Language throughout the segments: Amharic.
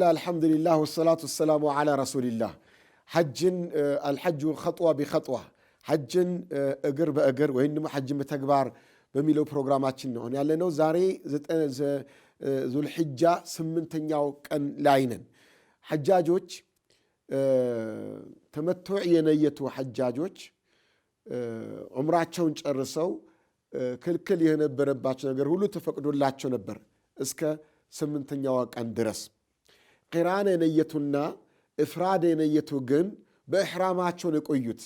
ላ አልሐምዱሊላህ ወሰላቱ ወሰላሙ ዓላ ረሱሊላህ። ሐጅን አልሐጁ ኸጥዋ ቢኸጥዋ ሐጅን እግር በእግር ወይም ደግሞ ሐጅን በተግባር በሚለው ፕሮግራማችን ነው ያለነው። ዛሬ ዙልሕጃ ስምንተኛው ቀን ላይ ነን። ሐጃጆች ተመቶዕ የነየቱ ሐጃጆች ዑምራቸውን ጨርሰው ክልክል የነበረባቸው ነገር ሁሉ ተፈቅዶላቸው ነበር እስከ ስምንተኛዋ ቀን ድረስ ቂራን የነየቱና እፍራድ የነየቱ ግን በእሕራማቸውን የቆዩት።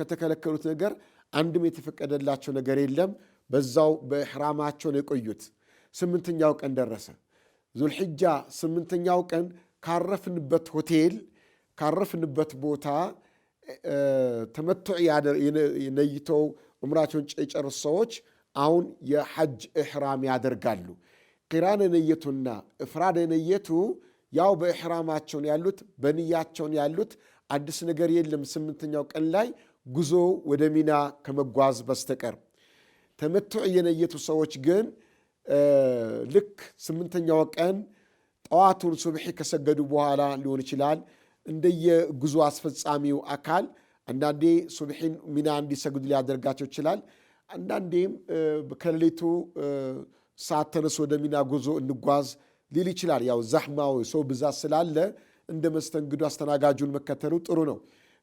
ከተከለከሉት ነገር አንድም የተፈቀደላቸው ነገር የለም። በዛው በእሕራማቸውን የቆዩት። ስምንተኛው ቀን ደረሰ። ዙልሕጃ ስምንተኛው ቀን ካረፍንበት ሆቴል ካረፍንበት ቦታ ተመቱዕ ነይተው ዑምራቸውን የጨረሱ ሰዎች አሁን የሐጅ እሕራም ያደርጋሉ። እፍራድ ነየቱ ያው በእሕራማቸውን ያሉት በንያቸውን ያሉት አዲስ ነገር የለም። ስምንተኛው ቀን ላይ ጉዞ ወደ ሚና ከመጓዝ በስተቀር ተመቱዕ የነየቱ ሰዎች ግን ልክ ስምንተኛው ቀን ጠዋቱን ሱብሒ ከሰገዱ በኋላ ሊሆን ይችላል። እንደየጉዞ አስፈጻሚው አካል አንዳንዴ ሱብሒን ሚና እንዲሰግዱ ሊያደርጋቸው ይችላል። አንዳንዴም ከሌሊቱ ሰዓት ተነስ ወደ ሚና ጉዞ እንጓዝ ሊል ይችላል። ያው ዛህማው ሰው ብዛት ስላለ እንደ መስተንግዶ አስተናጋጁን መከተሉ ጥሩ ነው።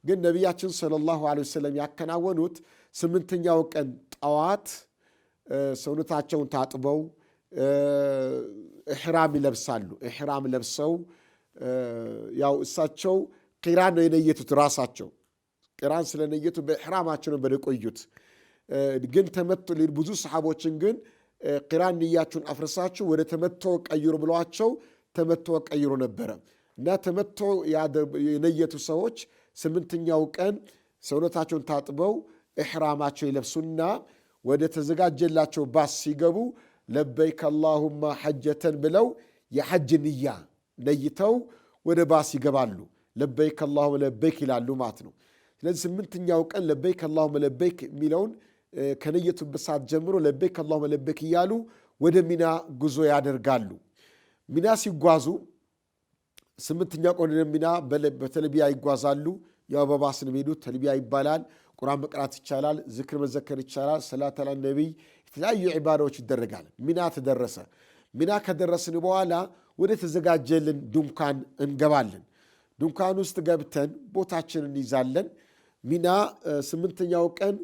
ግን ነቢያችን ሰለላሁ ዐለይሂ ወሰለም ያከናወኑት ስምንተኛው ቀን ጠዋት ሰውነታቸውን ታጥበው እሕራም ይለብሳሉ። እሕራም ለብሰው ያው እሳቸው ቂራን ነው የነየቱት። ራሳቸው ቂራን ስለነየቱ በእሕራማቸው ነው በደቆዩት ግን ተመቶ ብዙ ሰሓቦችን ግን ቅራን ንያችሁን አፍርሳችሁ ወደ ተመቶ ቀይሩ ብሏቸው ተመቶ ቀይሮ ነበረ እና ተመቶ የነየቱ ሰዎች ስምንተኛው ቀን ሰውነታቸውን ታጥበው እሕራማቸው ይለብሱና ወደ ተዘጋጀላቸው ባስ ሲገቡ ለበይከ አላሁማ ሐጀተን ብለው የሐጅ ንያ ነይተው ወደ ባስ ይገባሉ። ለበይከ አላሁመ ለበይክ ይላሉ ማለት ነው። ስለዚህ ስምንተኛው ቀን ለበይከ አላሁመ ለበይክ የሚለውን ከለየቱበት ሰዓት ጀምሮ ለበክ አላሁመ ለበክ እያሉ ወደ ሚና ጉዞ ያደርጋሉ። ሚና ሲጓዙ ስምንተኛ ቀን ወደ ሚና በተልቢያ ይጓዛሉ። ያው በባስ ነው የሚሄዱት። ተልቢያ ይባላል። ቁርአን መቅራት ይቻላል። ዝክር መዘከር ይቻላል። ሰላተላ ነቢይ፣ የተለያዩ ዒባዳዎች ይደረጋል። ሚና ተደረሰ። ሚና ከደረስን በኋላ ወደ ተዘጋጀልን ድንኳን እንገባለን። ድንኳን ውስጥ ገብተን ቦታችንን እንይዛለን። ሚና ስምንተኛው ቀን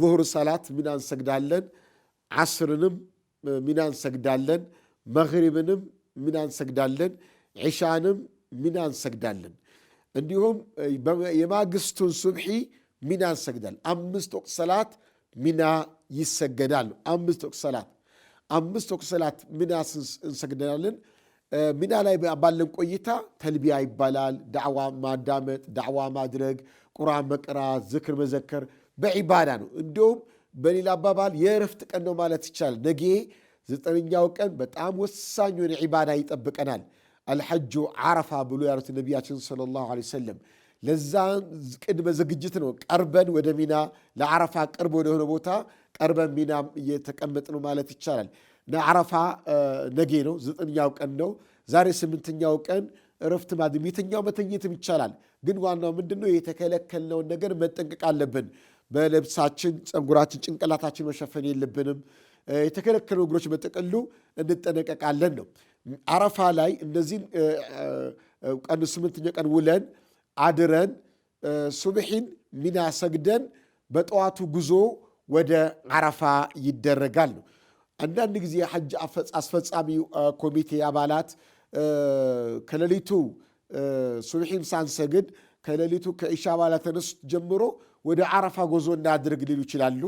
ዙሁር ሰላት ሚና እንሰግዳለን። ዓስርንም ሚና እንሰግዳለን። መግሪብንም ሚና እንሰግዳለን። ዒሻንም ሚና እንሰግዳለን። እንዲሁም የማግስቱን ሱብሒ ሚና እንሰግዳል አምስት ወቅት ሰላት ሚና ይሰገዳል። አምስት ወቅት ሰላት አምስት ወቅት ሰላት ሚና እንሰግዳለን። ሚና ላይ ባለን ቆይታ ተልቢያ ይባላል። ዳዕዋ ማዳመጥ፣ ዳዕዋ ማድረግ፣ ቁርአን መቅራት፣ ዝክር መዘከር በዒባዳ ነው። እንዲሁም በሌላ አባባል የእረፍት ቀን ነው ማለት ይቻላል። ነገ ዘጠነኛው ቀን በጣም ወሳኝ የሆነ ዒባዳ ይጠብቀናል። አልሐጁ ዓረፋ ብሎ ያሉት ነቢያችን ሰለላሁ ዐለይሂ ወሰለም ለዛ ቅድመ ዝግጅት ነው። ቀርበን ወደ ሚና ለዓረፋ ቅርብ ወደሆነ ቦታ ቀርበን ሚና እየተቀመጥ ነው ማለት ይቻላል። ዓረፋ ነጌ ነው፣ ዘጠነኛው ቀን ነው። ዛሬ ስምንተኛው ቀን እረፍት ማድረግ የተኛው መተኘትም ይቻላል። ግን ዋናው ምንድነው የተከለከልነውን ነገር መጠንቀቅ አለብን። በልብሳችን ፀጉራችን፣ ጭንቅላታችን መሸፈን የለብንም። የተከለከሉ እግሮች በጥቅሉ እንጠነቀቃለን ነው። አረፋ ላይ እነዚህን ቀን ስምንተኛ ቀን ውለን አድረን ሱብሒን ሚና ሰግደን በጠዋቱ ጉዞ ወደ አረፋ ይደረጋል ነው። አንዳንድ ጊዜ ሐጅ አስፈጻሚ ኮሚቴ አባላት ከሌሊቱ ሱብሒን ሳንሰግድ ከሌሊቱ ከኢሻ አባላት ተነሱ ጀምሮ ወደ አረፋ ጉዞ እናድርግ ሊሉ ይችላሉ።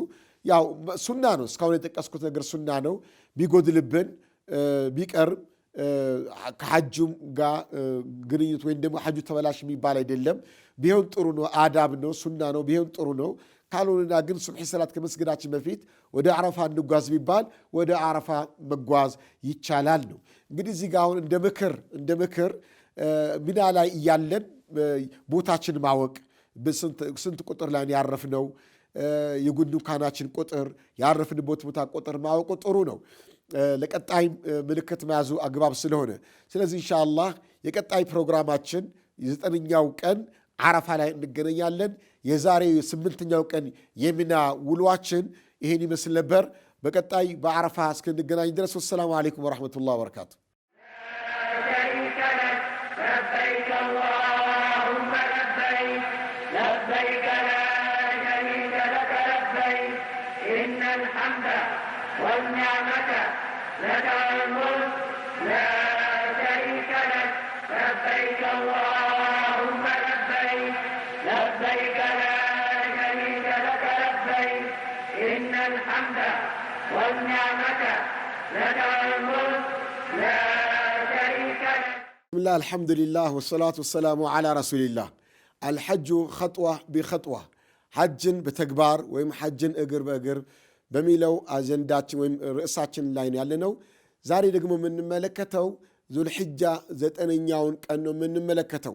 ያው ሱና ነው። እስካሁን የጠቀስኩት ነገር ሱና ነው። ቢጎድልብን ቢቀርም ከሐጁም ጋር ግንኙት ወይም ደግሞ ሐጁ ተበላሽ የሚባል አይደለም። ቢሆን ጥሩ ነው፣ አዳብ ነው፣ ሱና ነው። ቢሆን ጥሩ ነው። ካልሆነና ግን ሱብሒ ሰላት ከመስገዳችን በፊት ወደ አረፋ እንጓዝ ቢባል ወደ አረፋ መጓዝ ይቻላል ነው። እንግዲህ እዚህ ጋር አሁን እንደ ምክር እንደ ምክር ሚና ላይ እያለን ቦታችን ማወቅ ስንት ቁጥር ላይ ያረፍነው፣ የጉንካናችን ቁጥር፣ ያረፍንበት ቦታ ቁጥር ማወቁ ጥሩ ነው። ለቀጣይ ምልክት መያዙ አግባብ ስለሆነ ስለዚህ ኢንሻአላህ የቀጣይ ፕሮግራማችን የዘጠነኛው ቀን አረፋ ላይ እንገናኛለን። የዛሬው የስምንተኛው ቀን የሚና ውሏችን ይህን ይመስል ነበር። በቀጣይ በአረፋ እስክንገናኝ ድረስ ወሰላሙ አሌይኩም ወረሕመቱላህ ወበረካቱ። لبيك لا شريك لك لبيك إن الحمد والنعمة لك والملك لا شريك لك لبيك اللهم لبيك لبيك لا شريك لك لبيك إن الحمد والنعمة لك والملك لا شريك لك بسم الله الحمد لله والصلاة والسلام على رسول الله አልሐጁ ኸጥዋ ቢኸጥዋ ሐጅን በተግባር ወይም ሐጅን እግር በእግር በሚለው አጀንዳችን ወይም ርዕሳችን ላይ ነው ያለነው። ዛሬ ደግሞ የምንመለከተው ዙልሕጃ ዘጠነኛውን ቀን ነው የምንመለከተው።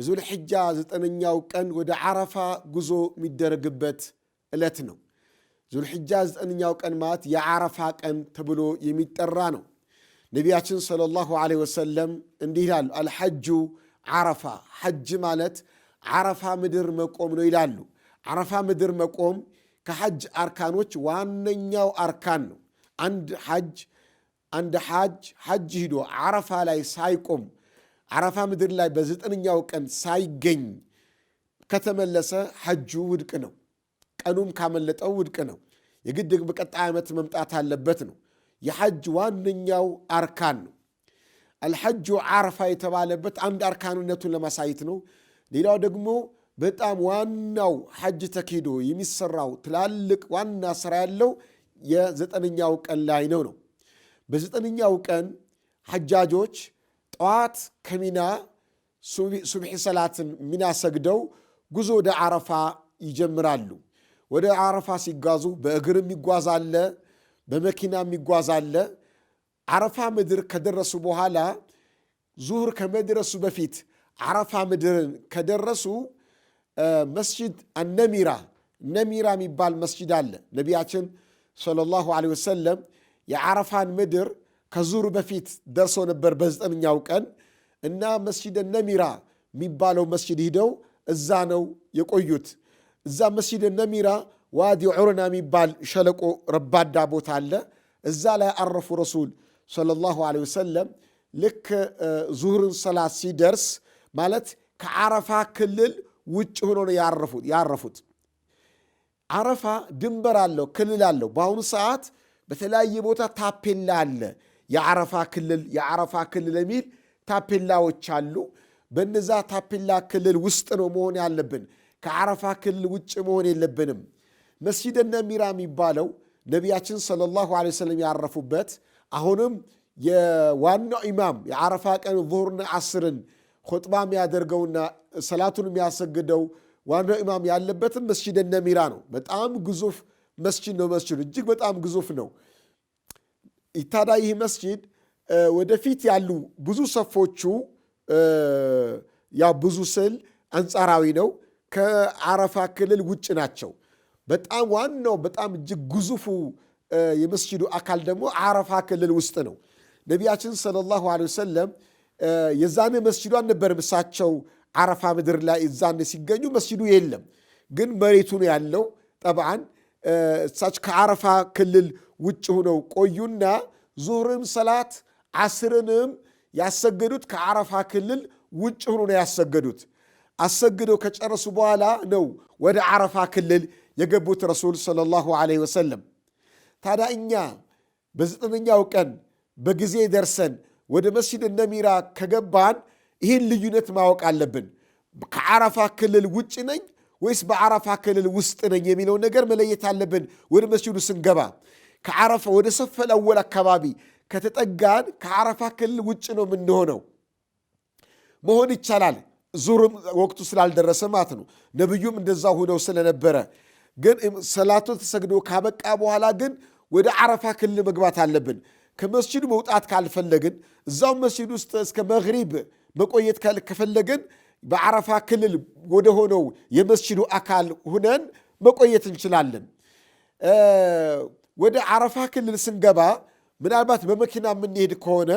የዙልሕጃ ዘጠነኛው ቀን ወደ ዓረፋ ጉዞ የሚደረግበት ዕለት ነው። ዙልሕጃ ዘጠነኛው ቀን ማለት የዓረፋ ቀን ተብሎ የሚጠራ ነው። ነቢያችን ሰለላሁ ዐለይሂ ወሰለም እንዲህ ይላሉ፣ አልሐጁ ዓረፋ ሐጅ ማለት አረፋ ምድር መቆም ነው ይላሉ። አረፋ ምድር መቆም ከሐጅ አርካኖች ዋነኛው አርካን ነው። አንድ ሐጅ አንድ ሐጅ ሐጅ ሂዶ አረፋ ላይ ሳይቆም አረፋ ምድር ላይ በዘጠነኛው ቀን ሳይገኝ ከተመለሰ ሐጁ ውድቅ ነው። ቀኑም ካመለጠው ውድቅ ነው። የግድ በቀጣይ ዓመት መምጣት አለበት ነው። የሐጅ ዋነኛው አርካን ነው። አልሐጁ አረፋ የተባለበት አንድ አርካንነቱን ለማሳየት ነው። ሌላው ደግሞ በጣም ዋናው ሐጅ ተኪዶ የሚሰራው ትላልቅ ዋና ስራ ያለው የዘጠነኛው ቀን ላይ ነው ነው በዘጠነኛው ቀን ሐጃጆች ጠዋት ከሚና ሱብሒ ሰላትን ሚና ሰግደው ጉዞ ወደ አረፋ ይጀምራሉ። ወደ አረፋ ሲጓዙ በእግርም ይጓዛለ፣ በመኪናም ይጓዛለ። አረፋ ምድር ከደረሱ በኋላ ዙሁር ከመድረሱ በፊት አረፋ ምድርን ከደረሱ መስጅድ አነሚራ ነሚራ የሚባል መስጅድ አለ። ነቢያችን ሰለላሁ ዐለይሂ ወሰለም የአረፋን ምድር ከዙር በፊት ደርሶ ነበር በዘጠነኛው ቀን እና መስጅደ ነሚራ የሚባለው መስጅድ ሂደው እዛ ነው የቆዩት። እዛ መስጅደ ነሚራ ዋዲ ዑርና የሚባል ሸለቆ ረባዳ ቦታ አለ። እዛ ላይ አረፉ። ረሱል ሰለላሁ ዐለይሂ ወሰለም ልክ ዙሁርን ሰላት ሲደርስ ማለት ከአረፋ ክልል ውጭ ሆኖ ነው ያረፉት። አረፋ ድንበር አለው፣ ክልል አለው። በአሁኑ ሰዓት በተለያየ ቦታ ታፔላ አለ። የአረፋ ክልል የአረፋ ክልል የሚል ታፔላዎች አሉ። በነዛ ታፔላ ክልል ውስጥ ነው መሆን ያለብን። ከአረፋ ክልል ውጭ መሆን የለብንም። መስጂደ ነሚራ የሚባለው ነቢያችን ሰለላሁ ዐለይሂ ወሰለም ያረፉበት አሁንም የዋናው ኢማም የአረፋ ቀን ዙሁርና አስርን ኹጥባ የሚያደርገውና ሰላቱን የሚያሰግደው ዋናው ኢማም ያለበትም መስጂድ ነሚራ ነው። በጣም ግዙፍ መስጂድ ነው። መስጂዱ እጅግ በጣም ግዙፍ ነው። ታዲያ ይህ መስጂድ ወደፊት ያሉ ብዙ ሰፎቹ ያ ብዙ ስል አንጻራዊ ነው። ከአረፋ ክልል ውጭ ናቸው። በጣም ዋናው በጣም እጅግ ግዙፉ የመስጂዱ አካል ደግሞ አረፋ ክልል ውስጥ ነው። ነቢያችን ሰለላሁ ዐለይሂ ወሰለም የዛን መስጅዱ አልነበረም። እሳቸው አረፋ ምድር ላይ እዛኔ ሲገኙ መስጅዱ የለም፣ ግን መሬቱ ነው ያለው። ጠብዓን እሳች ከአረፋ ክልል ውጭ ሁነው ቆዩና ዙህርም ሰላት አስርንም ያሰገዱት ከአረፋ ክልል ውጭ ሁኖ ነው ያሰገዱት። አሰግደው ከጨረሱ በኋላ ነው ወደ አረፋ ክልል የገቡት ረሱል ሰለላሁ ዐለይሂ ወሰለም። ታዲያ እኛ በዘጠነኛው ቀን በጊዜ ደርሰን ወደ መስጂድ ነሚራ ከገባን ይህን ልዩነት ማወቅ አለብን። ከአረፋ ክልል ውጭ ነኝ ወይስ በአረፋ ክልል ውስጥ ነኝ የሚለው ነገር መለየት አለብን። ወደ መስጂዱ ስንገባ ከአረፋ ወደ ሰፈል አወል አካባቢ ከተጠጋን ከአረፋ ክልል ውጭ ነው የምንሆነው። መሆን ይቻላል ዙርም ወቅቱ ስላልደረሰ ማለት ነው። ነቢዩም እንደዛ ሁነው ስለነበረ ግን ሰላቱ ተሰግዶ ካበቃ በኋላ ግን ወደ አረፋ ክልል መግባት አለብን። ከመስጅዱ መውጣት ካልፈለግን እዛው መስጂድ ውስጥ እስከ መግሪብ መቆየት ከፈለግን በአረፋ ክልል ወደ ሆነው የመስጅዱ አካል ሁነን መቆየት እንችላለን። ወደ አረፋ ክልል ስንገባ ምናልባት በመኪና የምንሄድ ከሆነ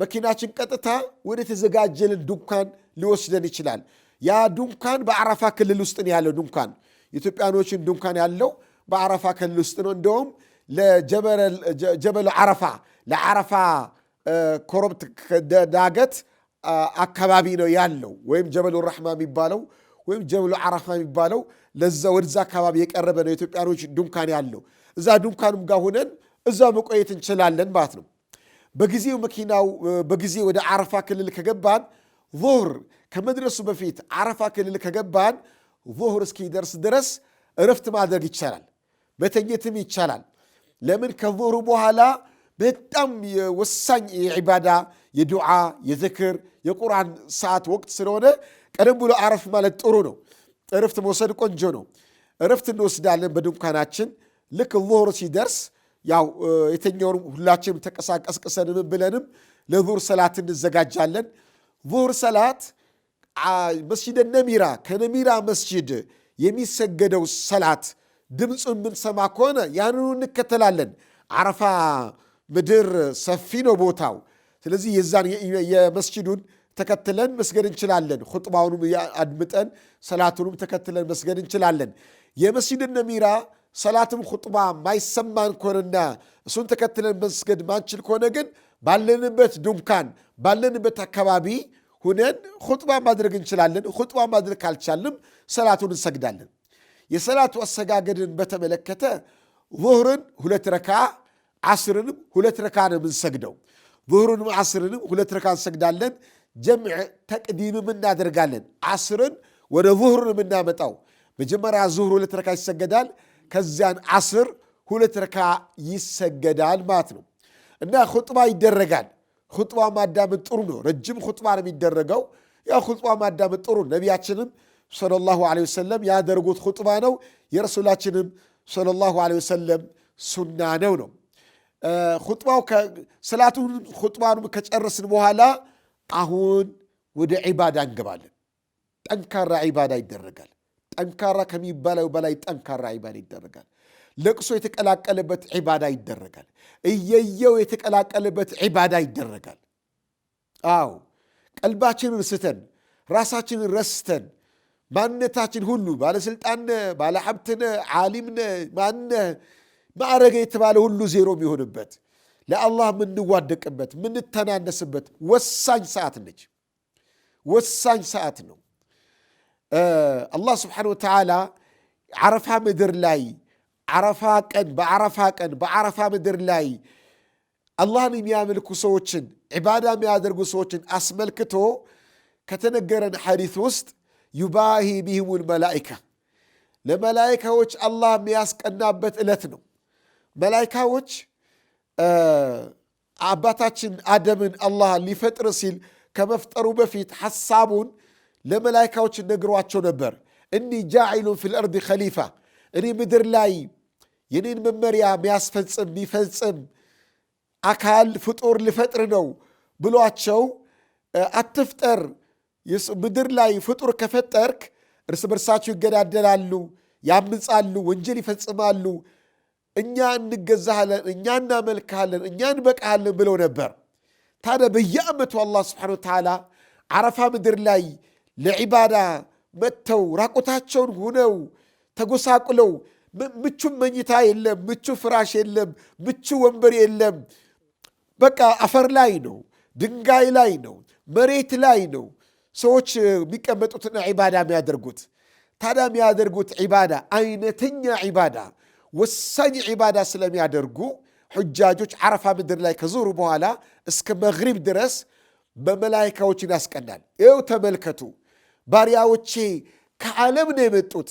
መኪናችን ቀጥታ ወደ ተዘጋጀልን ድንኳን ሊወስደን ይችላል። ያ ድንኳን በአረፋ ክልል ውስጥ ነው ያለው። ድንኳን ኢትዮጵያኖችን ድንኳን ያለው በአረፋ ክልል ውስጥ ነው። እንደውም ለጀበል አረፋ ለአረፋ ኮረብት ዳገት አካባቢ ነው ያለው፣ ወይም ጀበሉ ራሕማ የሚባለው ወይም ጀበሉ አረፋ የሚባለው ለዛ ወደዛ አካባቢ የቀረበ ነው። ኢትዮጵያኖች ዱንካን ያለው እዛ ዱንካኑም ጋር ሆነን እዛ መቆየት እንችላለን ማለት ነው። በጊዜው መኪናው በጊዜ ወደ አረፋ ክልል ከገባን ዙሁር ከመድረሱ በፊት አረፋ ክልል ከገባን ዙሁር እስኪደርስ ድረስ እረፍት ማድረግ ይቻላል፣ መተኘትም ይቻላል። ለምን ከዙሁሩ በኋላ በጣም ወሳኝ የዒባዳ የዱዓ የዝክር የቁርአን ሰዓት ወቅት ስለሆነ ቀደም ብሎ አረፍ ማለት ጥሩ ነው። እረፍት መውሰድ ቆንጆ ነው። እረፍት እንወስዳለን በድንኳናችን ልክ ዙሁር ሲደርስ ያው የተኛውን ሁላችንም ተቀሳቀስቅሰንም ብለንም ለዙሁር ሰላት እንዘጋጃለን። ዙሁር ሰላት መስጂደ ነሚራ ከነሚራ መስጂድ የሚሰገደው ሰላት ድምፁ የምንሰማ ከሆነ ያንኑ እንከተላለን። አረፋ ምድር ሰፊ ነው ቦታው። ስለዚህ የዛን የመስጅዱን ተከትለን መስገድ እንችላለን። ኹጥባውንም አድምጠን ሰላቱንም ተከትለን መስገድ እንችላለን። የመስጅድን ነሚራ ሰላትም ኹጥባ ማይሰማን ከሆነና እሱን ተከትለን መስገድ ማንችል ከሆነ ግን ባለንበት ዱንካን ባለንበት አካባቢ ሁነን ኹጥባ ማድረግ እንችላለን። ኹጥባ ማድረግ ካልቻልንም ሰላቱን እንሰግዳለን። የሰላቱ አሰጋገድን በተመለከተ ዙህርን ሁለት ረካ ዓስርንም ሁለት ረካ ነው የምንሰግደው። ዙሁርንም ዓስርንም ሁለት ረካ እንሰግዳለን። ጀምዕ ተቅዲምም እናደርጋለን። ዓስርን ወደ ዙሁር የምናመጣው። መጀመሪያ ዙሁር ሁለት ረካ ይሰገዳል። ከዚያን ዓስር ሁለት ረካ ይሰገዳል ማለት ነው እና ኹጥባ ይደረጋል። ኹጥባ ማዳመጥ ጥሩ ነው። ረጅም ኹጥባ ነው የሚደረገው። ያው ኹጥባ ማዳመጥ ጥሩ ነቢያችንም ሰለላሁ ዐለይሂ ወሰለም ያደረጉት ኹጥባ ነው። የረሱላችንም ሰለላሁ ዐለይሂ ወሰለም ሱና ነው ነው ኹጥባው ሰላቱን ከጨረስን በኋላ አሁን ወደ ዒባዳ እንገባለን። ጠንካራ ዒባዳ ይደረጋል። ጠንካራ ከሚባለው በላይ ጠንካራ ዒባዳ ይደረጋል። ለቅሶ የተቀላቀለበት ዒባዳ ይደረጋል። እየየው የተቀላቀለበት ዒባዳ ይደረጋል። አዎ ቀልባችንን ስተን ራሳችንን ረስተን ማንነታችን ሁሉ ባለስልጣን፣ ባለሀብትነ፣ ዓሊምነ ማነ ማዕረገ የተባለ ሁሉ ዜሮ የሚሆንበት ለአላህ የምንዋደቅበት የምንተናነስበት ወሳኝ ሰዓት ነች። ወሳኝ ሰዓት ነው። አላህ ስብሓነሁ ወተዓላ ዓረፋ ምድር ላይ ዓረፋ ቀን በዓረፋ ቀን በዓረፋ ምድር ላይ አላህን የሚያመልኩ ሰዎችን ዒባዳ የሚያደርጉ ሰዎችን አስመልክቶ ከተነገረን ሐዲት ውስጥ ዩባሂ ቢህሙል መላኢካ ለመላኢካዎች አላህ የሚያስቀናበት ዕለት ነው። መላይካዎች አባታችን አደምን አላህ ሊፈጥር ሲል ከመፍጠሩ በፊት ሐሳቡን ለመላይካዎች ነግሯቸው ነበር። እኒ ጃዒሉን ፊል አርድ ኸሊፋ፣ እኔ ምድር ላይ የኔን መመሪያ የሚያስፈጽም የሚፈጽም አካል ፍጡር ልፈጥር ነው ብሏቸው፣ አትፍጠር፣ ምድር ላይ ፍጡር ከፈጠርክ እርስ በርሳቸው ይገዳደላሉ፣ ያምፃሉ፣ ወንጀል ይፈጽማሉ እኛ እንገዛሃለን፣ እኛ እናመልክሃለን፣ እኛ እንበቃሃለን ብለው ነበር። ታዲያ በየዓመቱ አላህ ስብሓነሁ ወተዓላ አረፋ ምድር ላይ ለዒባዳ መጥተው ራቆታቸውን ሁነው ተጎሳቁለው ምቹ መኝታ የለም፣ ምቹ ፍራሽ የለም፣ ምቹ ወንበር የለም። በቃ አፈር ላይ ነው፣ ድንጋይ ላይ ነው፣ መሬት ላይ ነው ሰዎች የሚቀመጡትን ዒባዳ የሚያደርጉት። ታዲያ የሚያደርጉት ዒባዳ አይነተኛ ዒባዳ ወሳኝ ዒባዳ ስለሚያደርጉ ሑጃጆች ዓረፋ ምድር ላይ ከዞሩ በኋላ እስከ መግሪብ ድረስ በመላይካዎችን ያስቀናል። ይው ተመልከቱ፣ ባሪያዎቼ ከዓለም ነው የመጡት።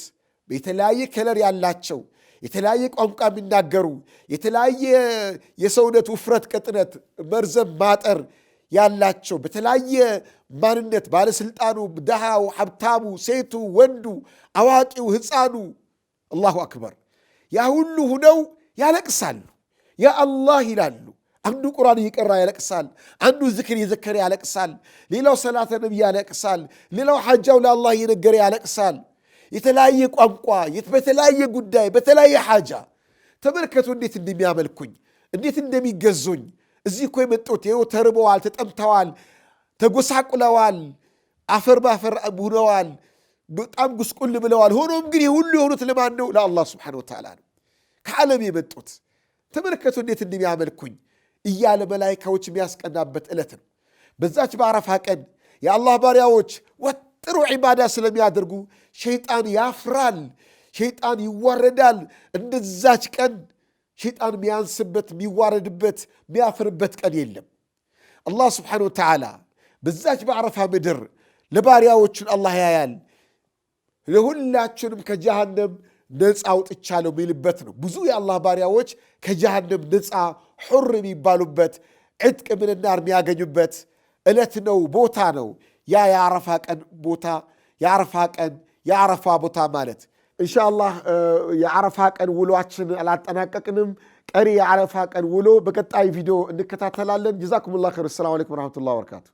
የተለያየ ከለር ያላቸው፣ የተለያየ ቋንቋ የሚናገሩ፣ የተለያየ የሰውነት ውፍረት፣ ቅጥነት፣ መርዘም፣ ማጠር ያላቸው በተለያየ ማንነት ባለስልጣኑ፣ ድሃው፣ ሀብታሙ፣ ሴቱ፣ ወንዱ፣ አዋቂው፣ ህፃኑ አላሁ አክበር ያ ሁሉ ሁነው ያለቅሳሉ። ያ አላህ ይላሉ። አንዱ ቁርአን እየቀራ ያለቅሳል። አንዱ ዝክር እየዘከረ ያለቅሳል። ሌላው ሰላተ ነቢ ያለቅሳል። ሌላው ሐጃው ለአላህ እየነገረ ያለቅሳል። የተለያየ ቋንቋ፣ በተለያየ ጉዳይ፣ በተለያየ ሐጃ ተመልከቱ እንዴት እንደሚያመልኩኝ እንዴት እንደሚገዙኝ። እዚህ እኮ የመጡት ይኸው ተርበዋል፣ ተጠምተዋል፣ ተጎሳቁለዋል፣ አፈር ባፈር ሁነዋል። በጣም ጉስቁል ብለዋል። ሆኖም ግን የሁሉ የሆኑት ለማን ነው? ለአላህ ስብሓነሁ ወተዓላ ነው። ከዓለም የመጡት ተመልከቱ፣ እንዴት እንደሚያመልኩኝ እያለ መላይካዎች የሚያስቀናበት ዕለት ነው። በዛች በአረፋ ቀን የአላህ ባሪያዎች ወጥሩ ዒባዳ ስለሚያደርጉ ሸይጣን ያፍራል፣ ሸይጣን ይዋረዳል። እንደዛች ቀን ሸይጣን የሚያንስበት፣ የሚዋረድበት፣ የሚያፍርበት ቀን የለም። አላህ ስብሓነሁ ወተዓላ በዛች በአረፋ ምድር ለባሪያዎቹን አላህ ያያል። ለሁላችንም ከጀሃነም ነፃ አውጥቻለሁ የሚልበት ነው። ብዙ የአላህ ባሪያዎች ከጀሃነም ነፃ ሑር የሚባሉበት ዕጥቅ ምንናር የሚያገኙበት ዕለት ነው፣ ቦታ ነው። ያ የአረፋ ቀን ቦታ የአረፋ ቀን የአረፋ ቦታ ማለት እንሻአላህ የአረፋ ቀን ውሎችን አላጠናቀቅንም። ቀሪ የአረፋ ቀን ውሎ በቀጣይ ቪዲዮ እንከታተላለን። ጀዛኩም ላ ኸይር። ሰላም አለይኩም ረመቱላ በረካቱ